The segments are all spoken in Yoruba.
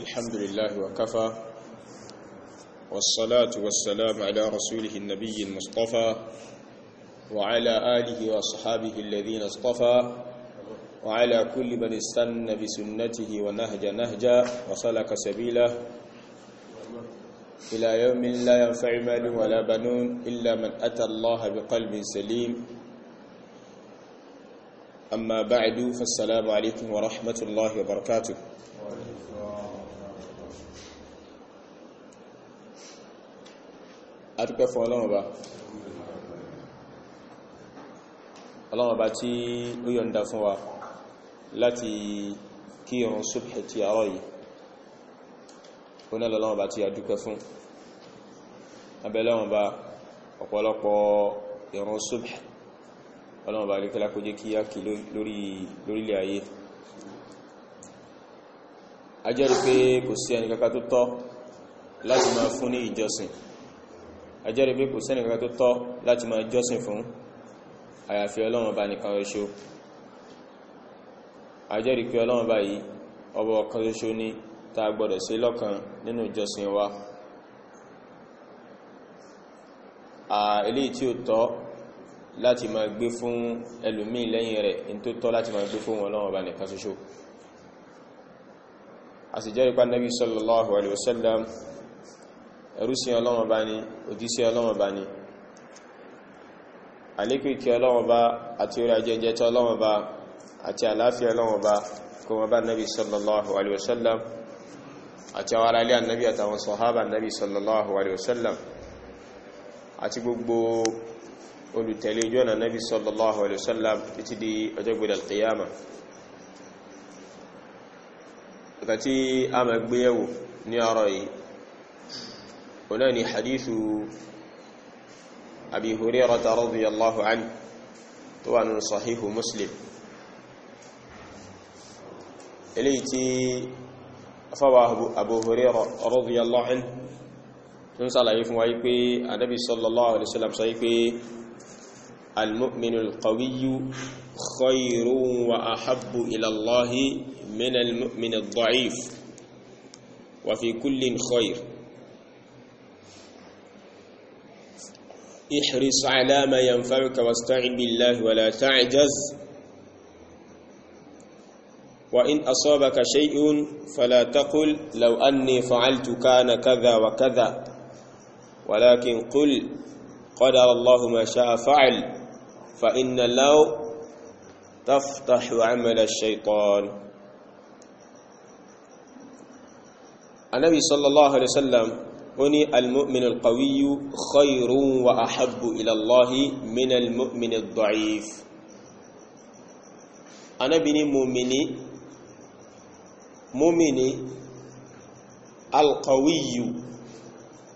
الحمد لله وكفى والصلاة والسلام على رسوله النبي المصطفى وعلى آله وصحابه الذين اصطفى وعلى كل من استنى بسنته ونهج نهجا وسلك سبيله إلى يوم لا ينفع مال ولا بنون إلا من أتى الله بقلب سليم أما بعد فالسلام عليكم ورحمة الله وبركاته adúpẹ́ fún ọlọ́run ọba ọlọ́run ọba tí ó yọ̀nda fún wa láti kí ọrùn subhi ti àárọ̀ yìí ó náà lọ́lọ́run ọba tí adúpẹ́ fún abẹ́lọ́run ọba ọ̀pọ̀lọpọ̀ ìrun subhi ọlọ́run ọba alékẹ́lá láti máa fún ní ìjọsìn ajẹ́rìí pé kò sẹ́ni kankan tó tọ́ láti máa jọ́sìn fún àyàfi ọlọ́run nìkan ṣoṣo ajẹ́rìí pé ọlọ́run yìí ọba ọ̀kan ṣoṣo ni tá gbọ́dọ̀ sí lọ́kan nínú ìjọsìn wa eléyìí tí ó tọ́ láti máa gbé fún ẹlòmíì lẹ́yìn rẹ̀ in tó tọ́ láti máa gbé fún ọlọ́run nìkan ṣoṣo a sì jẹ́rìí pa nabi sallallahu alaihi wasallam ẹrúsìn ọlọ́wọ́n bá ní òjíṣẹ́ ọlọ́wọ́n bá ní àlékìkí ọlọ́wọ́n bá àti orí ajẹ́jẹ́ tọ́ ọlọ́wọ́n bá àti àláfíà ọlọ́wọ́n bá kó wọn bá nabi sallallahu alaihi wasallam àti àwọn aráalé ànábì àtàwọn sọ̀hábà nabi sallallahu alaihi wasallam àti gbogbo olùtẹ̀lé ojú ọ̀nà nabi sallallahu alaihi wasallam títí di ọjọ́ gbọdọ̀ alqiyama ìkàtí a máa gbéyẹ̀wò ní ọ̀rọ̀ yìí ọ̀nà ni hadithu abi hurairata radiyallahu anhu tó wà nínú sahihu muslim eléyìí tí afáwà abu hurairah radiyallahu anhu tún sàlàyé fún wáyé pé anábi sallallahu alaihi wasallam sọ wípé almu'minul qawiyyu khayrun wa ahabbu ilallahi min almu'minid da'if wa fi kullin khayr احرص على ما ينفعك واستعن بالله ولا تعجز وإن أصابك شيء فلا تقل لو أني فعلت كان كذا وكذا ولكن قل قدر الله ما شاء فعل فإن لو تفتح عمل الشيطان النبي صلى الله عليه وسلم ó ní al-mu'min al-qawiyyu khayrun wa ahabbu ila Allahi min al-mu'min ad-da'if Ànábì ní mùmìnì mùmìnì al-qawiyyu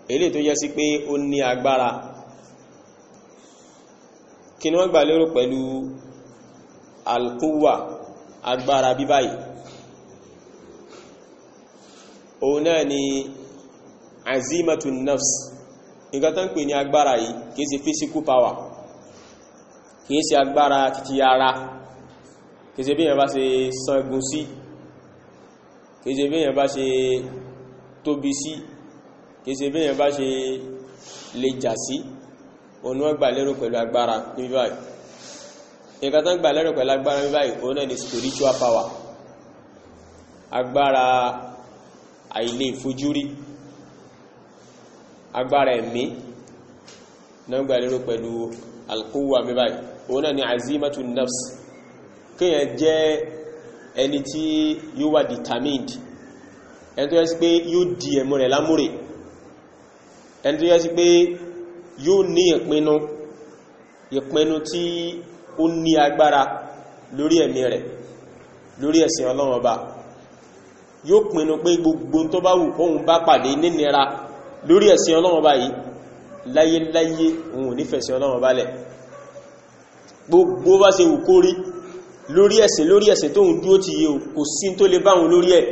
èlé tó yẹ sí pé ó ní agbára kí ni wọ́n gbà lérò pẹ̀lú ni azimatu nafs nǹkan tó ń pè ní agbára yìí kìí ṣe physical power kìí ṣe agbára títí ara kìí ṣe bí èèyàn bá ṣe sangun sí kìí ṣe bí èèyàn bá ṣe tóbi sí kìí ṣe bí èèyàn bá ṣe lè jà sí òun wọ́n gbà lérò pẹ̀lú agbára ní báyìí nǹkan tó ń gbà lérò pẹ̀lú ni spiritual power agbára àìlè fojúrí agbára ẹ̀mí náà gbà lérò pẹ̀lú alquwa mi báyìí òun náà ni azimatu nafs kíyàn jẹ́ ẹni tí yóò wà determined ẹni tó yẹ sí pé yóò di ẹ̀mú rẹ̀ lámúrè ẹni tó yẹ sí pé yóò ní ìpinnu ìpinnu tí ó ní agbára lórí ẹ̀mí rẹ̀ lórí ẹ̀sìn ọlọ́run yóò pinnu pé gbogbo tó bá wù kóhun bá pàdé nínira lórí ẹ̀sìn ọlọ́run bá yìí láyé láyé òun nífẹ̀ẹ́sìn ọlọ́run bá lẹ̀ gbogbo bá ṣe wù kó rí lórí ẹ̀sìn lórí ẹ̀sìn tóun dúó ti yẹ kò sí tó lè báhun lórí ẹ̀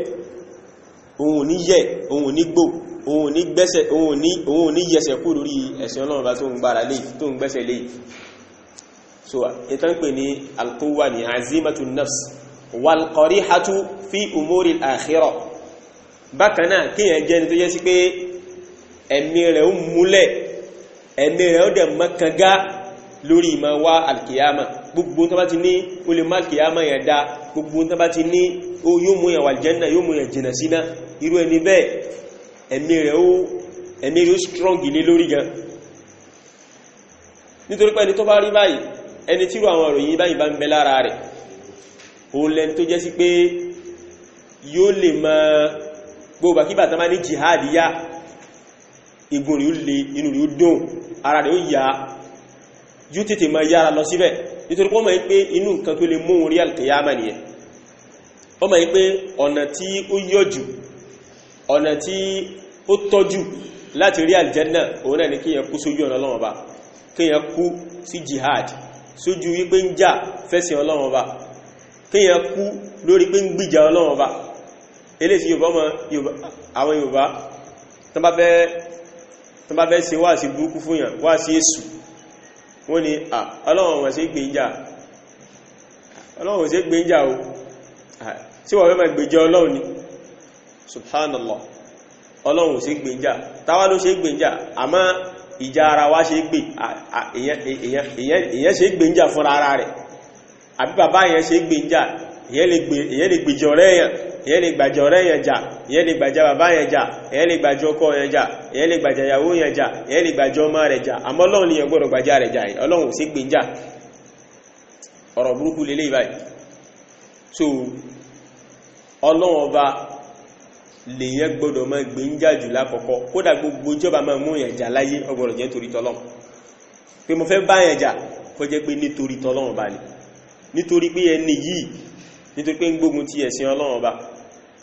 òun ní yẹ òun ní gbò òun ní gbẹ́sẹ̀ òun ní yẹsẹ̀ kú lórí ẹ̀sìn ọlọ́run bá tóun gbára lé tóun gbẹ́sẹ̀ lé so ìtàn pè ní alquwa ní azimatu nafs wal qarihatu fi umuri al-akhirah bákan kíyàn jẹ́ ni tó yẹ sí pé ẹ̀mí rẹ̀ ó múlẹ̀ ẹ̀mí rẹ̀ ó dẹ̀ mọ́kànga lórí ìmọ̀ wá alkiyama gbogbo tó bá ti ní o lè má alkiyama yẹn dá gbogbo tó bá ti ní o yóò mú yẹn wà jẹ́nà yóò mú yẹn jìnà síná irú ẹni bẹ́ẹ̀ ẹ̀mí rẹ̀ ó ẹ̀mí rẹ̀ ó strong ilé lórí gan nítorí pé ẹni tó bá rí báyìí ẹni tírò àwọn ìròyìn báyìí bá ń bẹ lára gbogbo àkíbà tó ní jihad yá igun rí ó le inú rí ó dùn ara rẹ̀ ó yá yóò tètè máa yára lọ síbẹ̀ nítorí pé ó mọ̀ yí pé inú nǹkan tó lè mú orí alkiyama nìyẹn ó mọ̀ yí pé ọ̀nà tí ó yọjú ọ̀nà tí ó tọ́jú láti rí aljanna òun náà ni kíyàn kú sójú ọ̀nà Ọlọ́run Ọba kíyàn kú sí jihad sójú wípé ń jà fẹ́sìn Ọlọ́run Ọba kíyàn kú lórí pé ń gbìjà Ọlọ́run Ọba eléyìí Yorùbá àwọn Yorùbá tó bá fẹ́ tó bá fẹ́ ṣe wáàsí burúkú fún yàn wáàsí èṣù wọ́n ni à ọlọ́run wọ́n sí gbìyànjá ọlọ́run wọ́n sí gbìyànjá o tí wọ́n fẹ́ mẹ́ gbìyànjá ọlọ́run ni subhanallah ọlọ́run sí gbìyànjá táwa ló ṣe gbìyànjá àmọ́ ìjà ara wa ṣe gbè èyàn ṣe gbìyànjá fún ara rẹ̀ àbí bàbá èyàn ṣe gbìyànjá èyàn lè gbìyànjọ́ rẹ̀ èyàn lè gbàjọ́ rẹ̀ èyàn ìyẹn lè gbàjá bàbá yẹn jà ìyẹn lè gbàjọ ọkọ yẹn jà ìyẹn lè gbàjá ìyàwó yẹn jà ìyẹn lè gbàjọ ọmọ rẹ̀ jà àmọ́ ọlọ́run ni yẹn gbọ́dọ̀ gbàjá rẹ̀ jà yìí ọlọ́run jà ọ̀rọ̀ burúkú so ọlọ́run kódà gbogbo ìjọba máa mú yẹn jà láyé ọgbọ̀rọ̀ jẹ́ torí pé mo ni nítorí pé ẹni yìí nítorí pé ń gbógun ti ẹ̀sìn ọlọ́run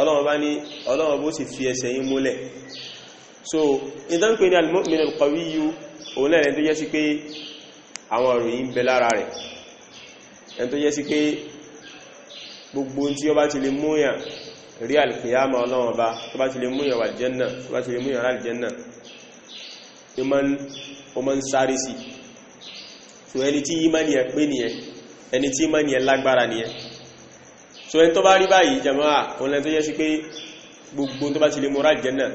ọlọ́run bá ní ọlọ́run bó sì fi ẹsẹ̀ yín múlẹ̀ so ìdán pé ní al-mu'min al-qawiyyu òun lẹ́rẹ̀ tó jẹ́ sí pé àwọn ọ̀rọ̀ yìí ń bẹ lára rẹ̀ ẹn tó jẹ́ sí pé gbogbo tí ó bá ti lè múyàn rí al-qiyama ọlọ́run bá tó bá ti lè múyàn wal-janna tó bá ti lè múyàn al ẹni tí ìmánìyàn pé nìyẹn ẹni tí ìmánìyàn so ẹni tó bá rí báyìí jama'a òun lẹ́n tó yẹ́ sí pé gbogbo tó bá ti lè mọ́ra jẹ́ náà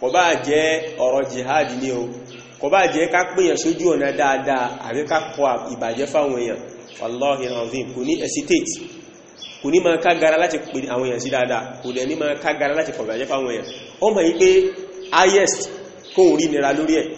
kò bá jẹ́ ọ̀rọ̀ jihad ní o kò bá jẹ́ ká pèyàn sójú ọ̀nà dáadáa àbí ká kọ ìbàjẹ́ fáwọn èèyàn wallahi azim kò ní hesitate kò ní máa kágara láti pè àwọn èèyàn sí dáadáa kò dẹ̀ ní máa kágara láti kọ̀ ìbàjẹ́ fáwọn èèyàn ó mọ̀ yí pé highest kóhùn rí nira lórí ẹ̀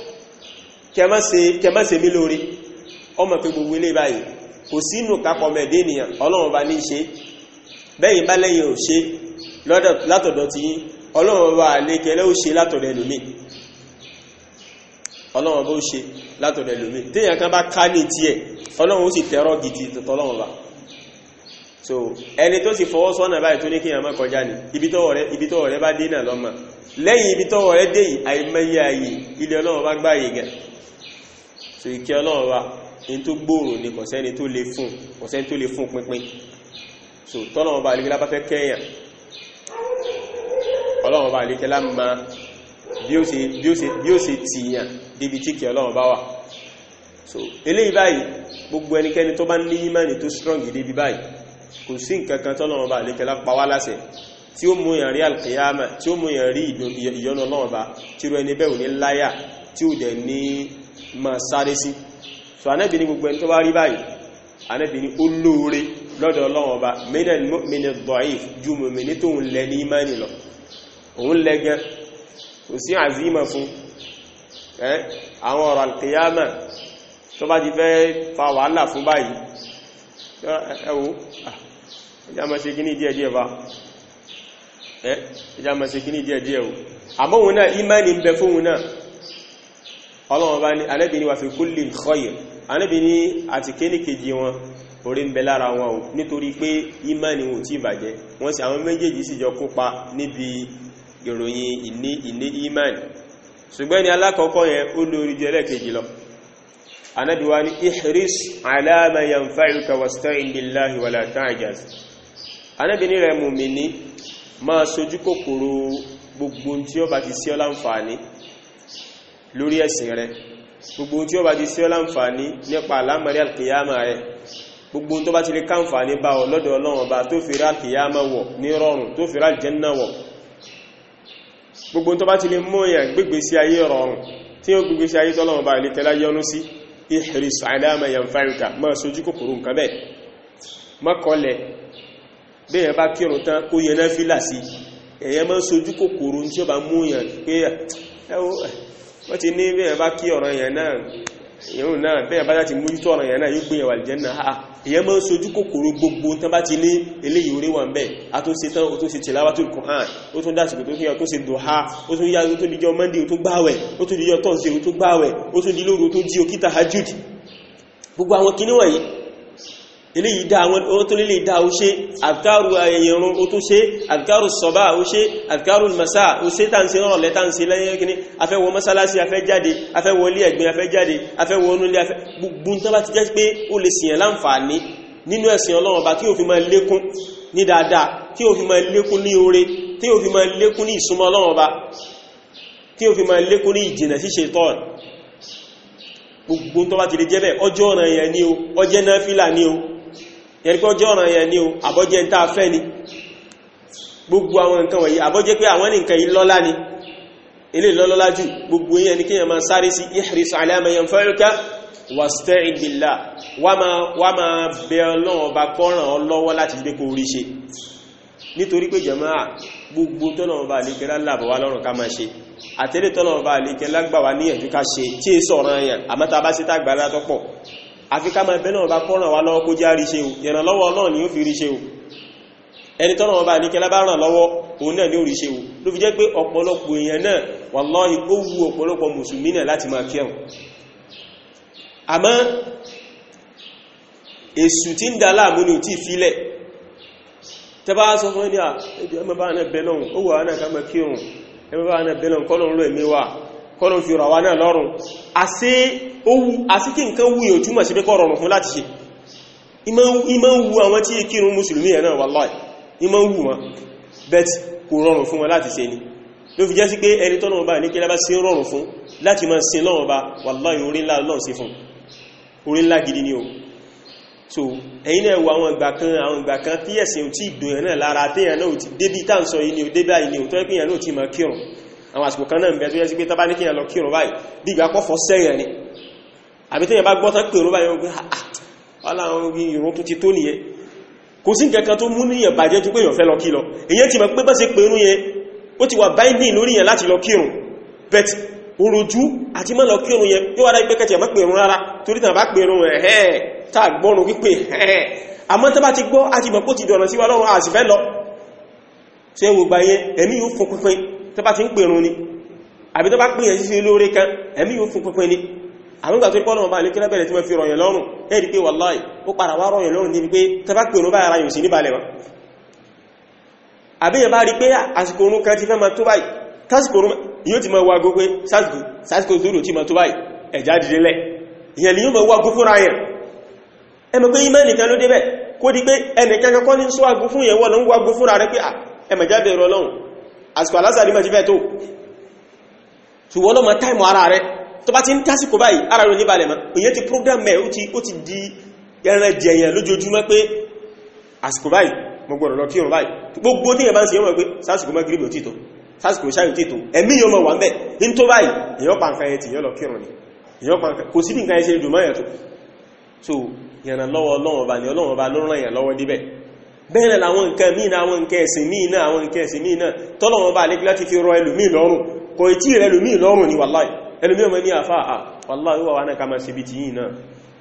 kẹmọ́sẹ̀ mí lórí ọmọ pé gbogbo ilé báyìí kò sínú kápọ̀ mẹ́dé ènìyàn ọlọ́run bá ní ṣe bẹ́yìn bá lẹ́yìn ò ṣe látọ̀dọ̀ ti yín ọlọ́run bá lékẹlẹ́ ó ṣe látọ̀dọ̀ ẹlòmí ọlọ́run bá ó ṣe látọ̀dọ̀ ẹlòmí téèyàn so ẹni tó sì fọwọ́ sọ́nà báyìí tó ní kí èèyàn má kọjá ní ibi tọ́wọ̀ rẹ bá dé náà lọ́mọ lẹ́yìn ibi tọ́wọ̀ rẹ dé yìí ọlọ́run bá gbáyé gẹ̀ẹ́ so ìkẹ́ ọlọ́run wa ní tó gbòòrò ní kọ̀sẹ́ni tó lè fún kọ̀sẹ́ni tó lè fún pínpín so tọ́lọ́run bá àlekẹ́lá bá fẹ́ kẹ́yàn ọlọ́run bá àlekẹ́lá ma bí ó ṣe bí ó ṣe bí ó ṣe tìyàn débi tí ìkẹ́ ọlọ́run bá wà so eléyìí báyìí gbogbo ẹnikẹ́ni tó bá ní ìmánì tó strong débi báyìí kò sí nǹkan kan tọ́lọ́run bá àlekẹ́lá pa wá láṣẹ tí ó mú yàn rí alkiyama tí ó mú yàn rí ìyọnu ọlọ́run bá tí ó rẹni bẹ́ẹ̀ ò ní láyà tí ó dẹ̀ ní ma sáré sí so anábì ní gbogbo ẹni tó bá rí báyìí anábì ní ó lóore lọ́dọ̀ Ọlọ́run ọba minal mu'min ad-da'if ju mọ̀mìnì tó ń lẹ ní imani lọ òun lẹ gan kò sí àzímọ̀ fún àwọn ọ̀rọ̀ alkiyama tó bá ti ọlọ́wọ́n bá ní anẹ́bì ní wà fi kulli khair anẹ́bì ní àti kéníkèjì wọn orí ń bẹ lára wọn o nítorí pé ìmánì wọn ò tí bàjẹ́ wọ́n sì àwọn méjèèjì sì jọ kópa níbi ìròyìn ìní ìní ìmánì ṣùgbọ́n ní alákọ̀ọ́kọ́ yẹn ó lórí jẹ́ lẹ́ẹ̀kejì lọ anẹ́bì wá ní ihris ala ma yanfa'uka wasta'in billahi wala lórí ẹ̀sìn rẹ gbogbo tí ó bá ti sí ọ láǹfààní nípa àlámọ̀rí alkiyama rẹ gbogbo tó bá ti lè káǹfààní bá ọ lọ́dọ̀ ọlọ́run ọba tó fi rá alkiyama wọ̀ ní rọrùn tó fi rá aljanna wọ̀ gbogbo tó alama yanfa'uka máa sojú kòkòrò nǹkan bẹ́ẹ̀ mọ́kànlẹ̀ bẹ́ẹ̀ bá kírun tán ó yẹ náà fílà sí ẹ̀yẹ máa sojú kòkòrò tí ó bá mú èèyàn pé wọ́n ti ní bẹ́ẹ̀ bá kí ọ̀rọ̀ yẹn náà ìyẹ̀wò náà bẹ́ẹ̀ bá láti mójútó ọ̀rọ̀ yẹn náà yóò gbé ẹ̀wà ìjẹ́ náà ìyẹn máa ń sojú kòkòrò gbogbo tán bá ti ní eléyìí orí wà ń bẹ̀ àtúnṣe tán ó tún ṣe tìláwàtò kùnhàn ó tún dásìkò tó kíyàn tó ṣe eléyìí dá àwọn ohun tó lélè dá ó ṣe àfikáàrù ẹ̀yẹ̀rún ó tó ṣe àfikáàrù sọ̀bá ó ṣe àfikáàrù masá ó ṣe tàǹsí rọ̀lẹ́ tàǹsí lẹ́yìnkíní afẹ́wọ mọ́sálásí afẹ́ jáde afẹ́wọ ilé ẹ̀gbìn afẹ́ jáde afẹ́wọ onúlé afẹ́ gbogbo tó bá ti jẹ́ pé ó lè sìyàn láǹfààní nínú ẹ̀sìn ọlọ́run bá kí o fi máa lékún ní dáadáa kí o fi máa lékún o fi máa lékún jẹ́ bẹ́ẹ̀ ọjọ́ ọ̀ràn yẹn ni o ọjẹ́ náà fílà ni o yẹnikọ́ jẹ́ ọ̀ràn ni o àbọ́jẹ́ ń tàà fẹ́ ni gbogbo àwọn nǹkan wọ̀nyí àbọ́jẹ́ pé àwọn nǹkan yìí lọ́lá ni ilé lọ́lọ́lá jù gbogbo yẹn ni kíyàn máa sáré sí ihris ala ma yanfa'uka wasta'id billah wá máa bẹ ọlọ́run ọba kọ́ràn ọ lọ́wọ́ láti gbé kó rí ṣe nítorí pé jàmáà gbogbo tọ́lọ́run ọba àlékẹ́ lábọ̀ wá lọ́rùn ká máa ṣe àtẹ́lẹ̀ àfi ká máa bẹ́ẹ̀ náà bá kọ́ ràn lọ́wọ́ kó já rí ṣe o ìrànlọ́wọ́ náà ni ó fi rí ṣe o ẹni tọ́nà ọba ní kẹlá bá ràn lọ́wọ́ òun náà ni ó rí ṣe o ló fi jẹ́ pé ọ̀pọ̀lọpọ̀ èèyàn náà wàláhì ó wu ọ̀pọ̀lọpọ̀ mùsùlùmí náà láti máa kírun àmọ́ èsù tí ń dá láàmú ni owu àsíkí nǹkan wú yóò túmọ̀ sí pé kọ́ rọrùn fún láti ṣe ìmọ̀ ń wu àwọn tí kírun mùsùlùmí ẹ̀ náà wàláì ìmọ̀ ń wù wọn bet kò rọrùn fún wọn láti ṣe ni ló fi jẹ́ sí pé ẹni tọ́nà ọba ní kílá bá sí rọrùn fún láti máa sin lọ́wọ́ bá wàláì orí ńlá lọ́n sí fún orí ńlá gidi ni o so ẹ̀yin náà wo àwọn ìgbà kan àwọn ìgbà kan tí ẹ̀sìn tí ìdòyàn náà lára téèyàn náà ti débi tá ń sọ yìí ni o débà yìí ni o tó ẹ́ pé èèyàn náà ti máa kírun àwọn àsìkò kan náà ń bẹ tó yẹ sí pé tábá ní kéèyàn lọ kírun báyìí bí ìgbà kọ́fọ́ sẹ́yìn ni àbí tẹ́yìn bá gbọ́tán pè rúbá yóò gbé aláwọn ah, ah, orí ìrún tó ti tó nìyẹn kò sí nǹkan kan tó mú níyàn bàjẹ́ tó pé èyàn fẹ́ lọ kí lọ èyàn ti mọ̀ pé bá ṣe pè yẹn ó ti wà binding lórí yẹn láti lọ bet orojú àti mọ́ lọ kírun yẹn yóò wá dájú pé kẹtì ẹ̀ má pè rún rárá torí tàn bá pè rún ẹ̀hẹ́n tá àgbọ́run pípé ẹ̀hẹ́n àmọ́ tó bá ti gbọ́ àti mọ̀ pó ti ni àmúgbà tó pọ́nà ọba àlékẹ́lẹ́ bẹ̀rẹ̀ tí wọ́n fi rọ̀yẹ̀ lọ́rùn ẹ̀rí pé wàláì ó padà wá rọ̀yẹ̀ lọ́rùn níbi pé tẹ́bá pè òun bá ara yòsí níbalẹ̀ wọn àbíyàn bá rí pé àsìkò orun kan ti fẹ́ ma tó báyìí tásìkò orun yóò ti ma wá gó pé sásìkò zoro ti ma tó báyìí ẹ̀já dìde lẹ̀ ìyẹn ni yóò ma wá gó fúnra yẹn ẹ mọ̀ pé imẹ́ nìkan tó bá ti ń tásìkò báyìí ara rẹ̀ níbalẹ̀ ma èyàn ti program mẹ́ ó ti di ẹran jẹyàn lójoojúmọ́ pé àsìkò báyìí mo gbọ́dọ̀ lọ kírun báyìí gbogbo tí èyàn bá ń ṣe yọ́mọ̀ pé sásìkò mọ́ gíríbì òtítọ́ sásìkò ìṣáyò títò ẹ̀mí yọmọ wà mẹ́ ní tó báyìí èyàn pa nǹkan ẹ̀tì yọ́ so ìyànà lọ́wọ́ ọlọ́run ọba ni ọlọ́run ọba ló ràn yàn lọ́wọ́ níbẹ̀ bẹ́ẹ̀ làwọn nǹkan míì náà àwọn nǹkan ẹ̀sìn míì náà àwọn nǹkan ẹ̀sìn míì náà tọ́lọ́run ọba àlékí láti fi rọ ẹlòmíì lọ́rùn kò ì tí ìrẹlòmíì lọ́rùn ni wàláì ẹlùmí ọmọ ní àfá à wàlá ìwà wà náà ká máa ṣe bí ti yìí náà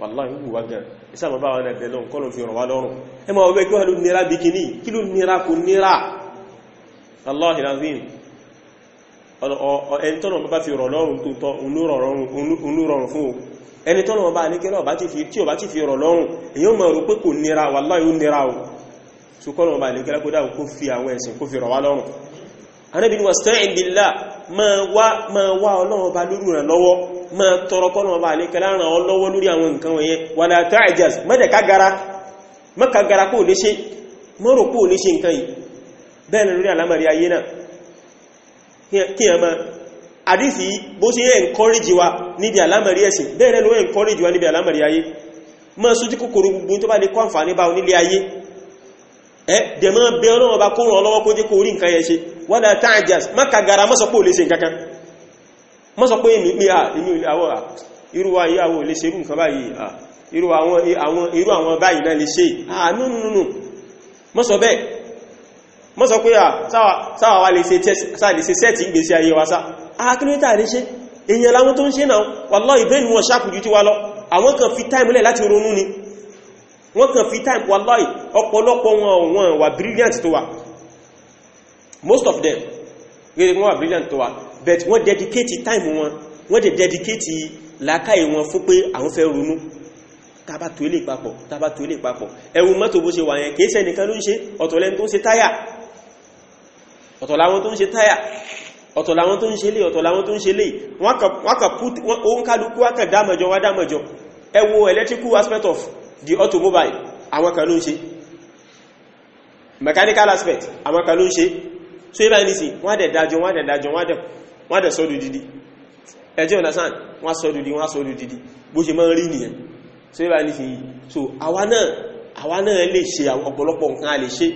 wàlá ìwù wà gan ìsáàmà bá wà náà bẹ̀lọ́n kọ́lọ̀ fi rọ̀ wá lọ́rùn ẹ ma ọgbẹ́ gbọ́lù nira bí kìíní kí ló nira kò nira aláhì lazim ẹni tọ́nà bá fi rọ̀ lọ́rùn tó tọ́ onúrọ̀rùn fún o ẹni tọ́nà bá wàlá ìwù Ànábì ní wasta'in billah máa wá máa wá Ọlọ́run Ọba lórí ràn lọ́wọ́ máa tọrọ kọ́lọ́run Ọba lè kẹ́lá ràn ọ́ lọ́wọ́ lórí àwọn nǹkan wọ̀nyẹn wala ta'jaz mẹ́jẹ̀ kágara mẹ́kàgara kó lè ṣe mọ́rò kó lè ṣe nǹkan yìí bẹ́ẹ̀ lórí àlámàrí ayé náà kí a máa àdífì bó ṣe yẹ́ encourage wa níbi àlámàrí dẹ̀mọ́ bẹ ọlọ́run ọba kó ràn ọlọ́wọ́ kó jẹ́ kó rí nǹkan yẹn ṣe wọ́n dá tààjàs má kàgàrà mọ́sọ pé ò lè ṣe nǹkankan mọ́sọ pé èmi pé àmì ìlàwọ̀ irú wa yíyàwó lè ṣe irú nǹkan báyìí irú àwọn báyìí náà lè ṣe àánú nínú mọ́sọ bẹ́ẹ̀ mọ́sọ pé sáwà wa lè ṣe sẹ́ẹ̀tì ìgbésí ayé wa sá akínúta lè ṣe èèyàn láwọn tó ń ṣe náà wallahi ìbẹ́ni wọn ṣàpùjú tí wa lọ àwọn kan fi táìmù lẹ̀ láti ronú ni wọ́n kàn fi time wallahi ọ̀pọ̀lọpọ̀ wọn wọn wà brilliant to wà most of them wọ́n wà brilliant to wà but wọ́n dedicate time wọn wọ́n dẹ̀ dedicate làákàyè wọn fún pé àwọn fẹ́ ronú tàbá tó ilé papọ̀ tàbá tó ilé papọ̀ ẹwù mọ́tò bó ṣe wà yẹn kìí ṣe nìkan ló ń ṣe ọ̀tọ̀ lẹ́ni tó ń ṣe táyà ọ̀tọ̀ làwọn tó ń ṣe táyà ọ̀tọ̀ làwọn tó ń ṣe lè ọ̀tọ̀ làwọn tó ń ṣe lè wọ́n kà put òun kálukú wákà dámọ̀jọ wá dámọ̀jọ ẹwù electrical aspect of di automobile àwọn kan ló ń ṣe mechanical aspect àwọn kan ló ń ṣe so ibà ní sí wọ́n dẹ̀ dájọ wọ́n dẹ̀ dájọ wọ́n dẹ̀ sọ́dù dídí ẹjẹ́ understand wọ́n sọ́dù dídí wọ́n sọ́dù dídí bó ṣe máa rí nìyẹn so ibà ní sí so àwa náà àwa náà lè ṣe ọ̀pọ̀lọpọ̀ nǹkan a lè ṣe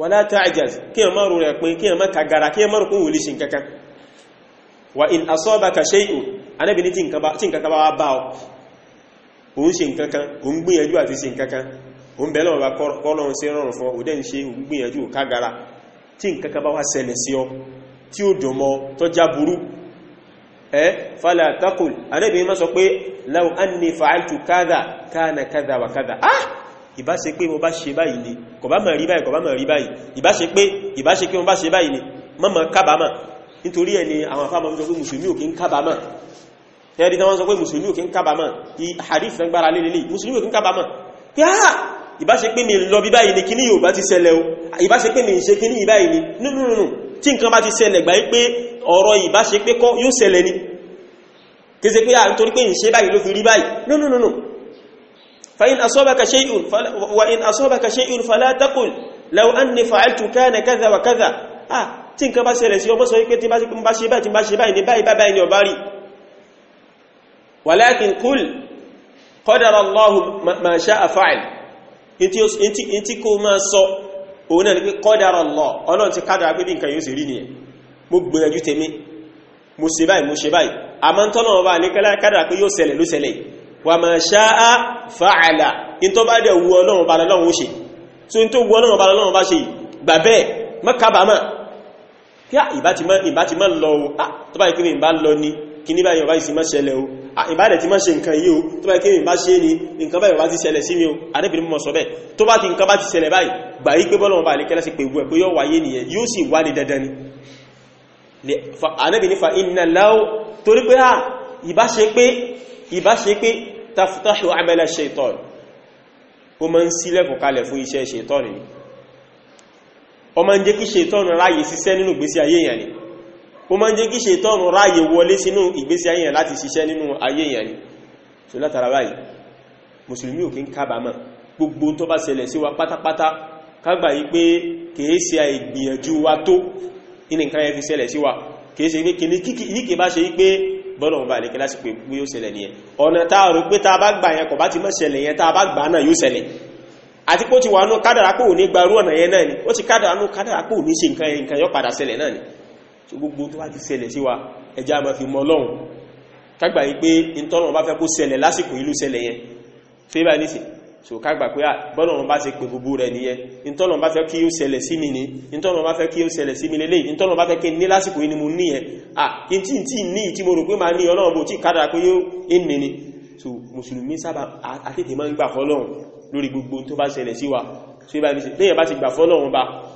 wà látà àjàz kí ẹ márùn rẹ̀ pín kí ẹ má kagara kí ẹ márùn kún wòlé ṣe nǹkankan wà in asọ́bàkà ṣe ìhù anábìnrin tí nǹkan bá wá bá ọ òun ṣe nkankan òun gbìyànjú àti ṣe nkankan òun bẹ̀rẹ̀ ọ̀rọ̀ kọ́lọ̀ ṣe rọrùn fún òdẹ́ ń ṣe òun gbìyànjú kágara tí nkankan bá wá ṣẹlẹ̀ sí ọ tí ó dùn mọ́ tó já burú fala takul anẹ́bí sọ pé law anni fa'altu kadha kana kadha wa kadha ah ìbá pé mo bá ṣe báyìí ni kò bá mọ̀ rí báyìí kò bá mọ̀ rí báyìí pé mo bá ṣe báyìí ni mọ́mọ́ kábàámà nítorí ẹni àwọn afáàmọ́ ń pé mùsùlùmí ò kí ń kábàámà ẹ̀rí tán wọ́n sọ pé mùsùlùmí òkín kábàmọ̀ hadith tán gbára lélẹ́lẹ́ mùsùlùmí òkín kábàmọ̀ pé àà ah, ìbáṣe pé mi lọ bí báyìí ni kí ní yóò bá ti ṣẹlẹ̀ o ìbáṣe pé mi ṣe kí ní ìbáyìí ni nínú tí nǹkan bá ti ṣẹlẹ̀ gbáyé pé ọ̀rọ̀ ìbáṣe pé kọ́ yóò ṣẹlẹ̀ ni kése pé àà ah, nítorí pé ìṣe báyìí ló fi rí báyìí nínú fa in asabaka shay'un wa in asabaka shay'un fala taqul walakin kul qadara Allahu ma sha'a fa'il ìtí kó máa sọ òun náà ni pé qadara Allah ọlọ́run ti kádàrá pé bí nǹkan yóò sì rí nìyẹn mo gbìyànjú tèmi mo ṣe báyìí mo ṣe báyìí àmọ́ tọ́nà ọba ní kádàrá pé yóò ṣẹlẹ̀ ló ṣẹlẹ̀ wa ma sha'a fa'ala in tó bá dẹ̀ wu ọlọ́run ba lọ́run ó ṣe so in tó wu ọlọ́run ba lọ́run bá ṣe gbà bẹ́ẹ̀ mọ́ kábàámà kí ìbá ti mọ́ lọ o tó bá yẹ kí mi ìbá lọ ni kíní báyìí ọba ìsì má ṣẹlẹ̀ o ìbádẹ̀ ti má ṣe nǹkan yìí o tó bá kí mi bá ṣe ni nǹkan báyìí ọba ti ṣẹlẹ̀ sí mi o adébìnrin mọ̀ sọ bẹ́ẹ̀ tó bá ti nǹkan bá ti ṣẹlẹ̀ báyìí gbà yí pé bọ́lọ̀ ọba àlékẹ́lẹ́ sí pé ìwú ẹ̀ pé yóò wáyé nìyẹn yóò sì wá ó máa ń jẹ́ kí ṣètọ́nù ráyè wọlé sínú ìgbésí ayé láti ṣiṣẹ́ nínú ayé yẹn ni so látara báyìí mùsùlùmí ò kí ń kábàámọ̀ gbogbo tó bá ṣẹlẹ̀ sí wa pátápátá kágbà yí pé kìí ṣe àìgbìyànjú wa tó inú nǹkan yẹn fi ṣẹlẹ̀ sí wa kìí ṣe pé ní kìí bá ṣe yí pé bọ́lọ̀ ọba àlẹ́kẹ́ láti pé pé yóò ṣẹlẹ̀ nìyẹn ọ̀nà tá a rò pé tá a so gbogbo tó bá ti ṣẹlẹ̀ sí wa ẹjá ma fi mọ́ lọ́hun kágbà yí pé ìtọ́nà bá fẹ́ kó ṣẹlẹ̀ lásìkò ìlú ṣẹlẹ̀ yẹn tó bá ní sí so kágbà pé bọ́nà wọn bá ṣe pè gbogbo rẹ̀ nìyẹn ìtọ́nà bá fẹ́ kí ó ṣẹlẹ̀ sí mi ní ìtọ́nà bá fẹ́ kí ó ṣẹlẹ̀ sí mi lélẹ̀ ìtọ́nà bá fẹ́ kí ní lásìkò yìí ni mo níyẹn à kí n tí tí ní tí mo rò pé máa ní ọlọ́run bó tí kádà pé yóò ní ni so mùsùlùmí sábà àtètè máa ń gbà fọ́lọ́run lórí gbogbo tó bá ṣẹlẹ̀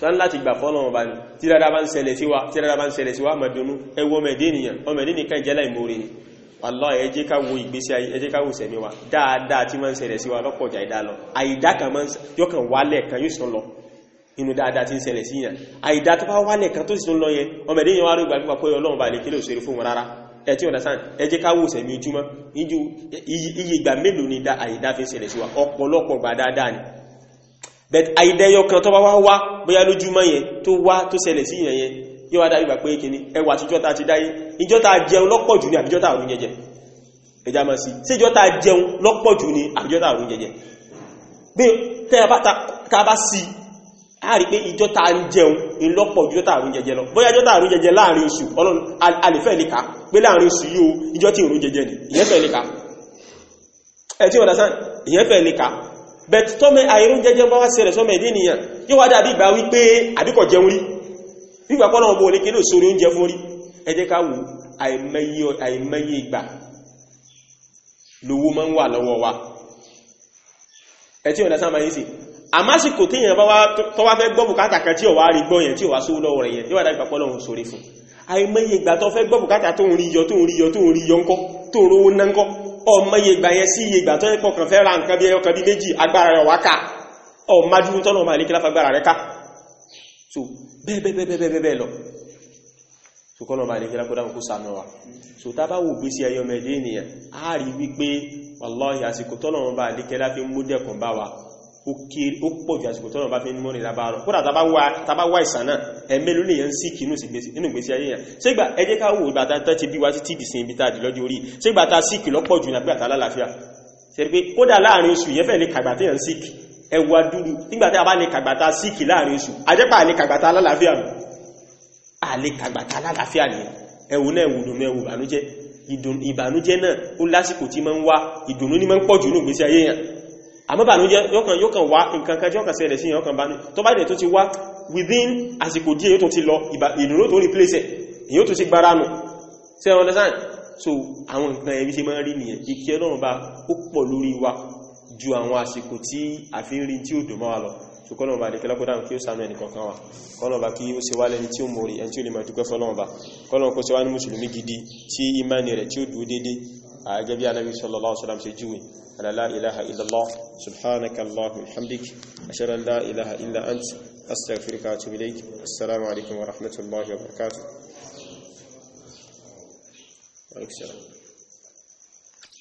sọ láti gbà fọ́lọ́wọ́ bá ní tí dáadáa bá ń ṣẹlẹ̀ sí wa tí dáadáa bá ń ṣẹlẹ̀ sí wa mọ̀dúnú ẹwọ́ mẹ̀dínìyàn ọmọdínìkan jẹ́ láìmórí ni wallahi ẹ jẹ́ ká wo ìgbésí ayé ẹ jẹ́ ká wo sẹ̀mí wa dáadáa tí máa ń ṣẹlẹ̀ sí wa lọ́pọ̀ jà ìdá lọ àìdá kan máa ń yọ kan wálẹ̀ kan yóò sọ lọ inú dáadáa tí ń ṣẹlẹ̀ sí yàn àìdá tó bá wálẹ̀ kan tó sì tún lọ yẹn ọmọdéyàn wá rí gbàgbà pé ọlọ́run bá lè kí lè ṣeré fún wọn rárá ẹ tí ọ̀dá sáà ẹ jẹ́ ká wo sẹ̀mí ojúmọ́ iye ìgbà mélòó ni àìdá fi ń ṣẹlẹ̀ sí wa ọ̀pọ̀lọpọ̀ gbà dáadáa ni but àìdẹ́yọ kan tó bá wá wá bóyá lójúmọ́ yẹn tó wá tó ṣẹlẹ̀ sí ìyẹn yẹn yóò wá dáyé bà pé kìíní ẹwà àtijọ́ ta ti dáyé ìjọ́ ta jẹun lọ́pọ̀ jù ní àbíjọ́ ta àrùn jẹjẹ ẹjá máa sí sí ìjọ́ ta jẹun lọ́pọ̀ jù ní àbíjọ́ ta àrùn jẹjẹ bí ta bá sí a rí pé ìjọ́ ta ń jẹun ìlọ́pọ̀ jù ta àrùn jẹjẹ lọ bóyá ìjọ́ àrùn jẹjẹ láàrin oṣù ọlọ́run alìfẹ́ lè pé láàrin oṣù yìí ìjọ́ tí òrùn jẹjẹ ni ìyẹ́fẹ́ lè ká bẹ̀t tọ́mẹ́ àìrún jẹjẹ bá wá sẹ̀rẹ̀ sọ́mẹ́ ìdí nìyàn yóò wá dàbí ìgbà wípé àbíkọ̀ jẹun rí wípà pọ́nà ọmọ olè kéde òṣòrí oúnjẹ fún rí ẹ jẹ́ ká wò àìmẹ́yẹ ìgbà lówó máa ń wà lọ́wọ́ wa ẹ tí ọ̀dá sáàmà yìí sì àmásìkò tí èèyàn bá wá tọ́wá fẹ́ gbọ́ bùkátà kan tí ò wá rí gbọ́ yẹn tí ò wá sówó lọ́wọ́ rẹ̀ yẹn yóò wá dàbí ìgbà pọ́nà òṣòrí fún àìmẹ́yẹ ìgbà tó fẹ́ gbọ́ bùkátà tó ń rí yọ tó ń rí yọ tó ń rí yọ ńkọ́ tó ń rówó ná ńkọ́ ọmọ yẹgbà yẹn sí yẹgbà tó yẹpọ̀ kàn fẹ́ ra nǹkan bí ẹyọkan bí méjì agbára rẹ̀ wákà ọmọdún tọ́nà ọmọ àlékí láfagbára rẹ̀ ká so bẹ́ẹ̀bẹ́ẹ̀bẹ́ẹ̀bẹ́ẹ̀ lọ so kọ́nà ọmọ àlékí lákọ́dá kó sànú wa so tá bá wò gbé sí ẹyọ mẹ́dé ènìyàn á rí wípé wàláhì àsìkò tọ́nà ọmọ àlékí ẹ̀mẹ́lú lè yẹn sí kìínú nínú ìgbésí ayé yẹn ṣégbà ẹ jẹ́ ká wò ìgbàta tán ti bí wá sí tí ìdìsìn ibi tàbí lọ́jọ́ orí ṣégbà ta síkì lọ́pọ̀ jù nígbà tá lálàáfíà ṣe pé kódà láàrin oṣù yẹn fẹ́ lè kàgbà tí yẹn síkì ẹwà dúró nígbà tí a bá lè kàgbà ta síkì láàrin oṣù ajẹ́pà lè kàgbà ta lálàáfíà nù a lè kàgbà ta lálàáfíà nìyẹn ẹwù náà ẹwù dùnú ẹwù ìbànújẹ́ ìbànújẹ́ náà ó lásìkò tí máa ń wá ìdùnnú ní máa ń pọ̀ jù ní ìgbésí ayé yẹn àmọ́ bànújẹ́ yóò kàn wá nǹkan kan tí ó kàn ṣẹlẹ̀ sí yẹn ọkàn bá ní tó bá dẹ̀ tó ti wá within àsìkò díẹ̀ yóò tún ti lọ ìdúró tó replace ẹ̀ èyí tó sì gbára nù ṣé ẹ understand so àwọn nǹkan ẹ̀rí ṣe máa rí nìyẹn ìkẹ́ ọlọ́run bá ó pọ̀ lórí wa ju àwọn àsìkò tí àfihàn tí ó dùn mọ́ wa lọ so kọ́lọ́run bá dẹ̀kẹ́ lápọ́dáhùn kí ó sànú ẹnì kọ̀ọ̀kan wa kọ́lọ́run bá kí ó ṣe wá lẹ́ni tí ó mórí ẹni tí ó lè máa dúpẹ́ fọ́lọ́run bá kọ́lọ́run kó ṣe wá ní mùsùlùmí gidi tí ìmáni rẹ̀ tí ó dúró dédé gẹ́gẹ́ bí anábì sallallahu alaihi wasallam ṣe júwe ala la ilaha illallah subhanaka allahumma hamdik ashhadu an la ilaha illa ant أستغفرك وأتوب إليك السلام عليكم ورحمة الله وبركاته وعليكم السلام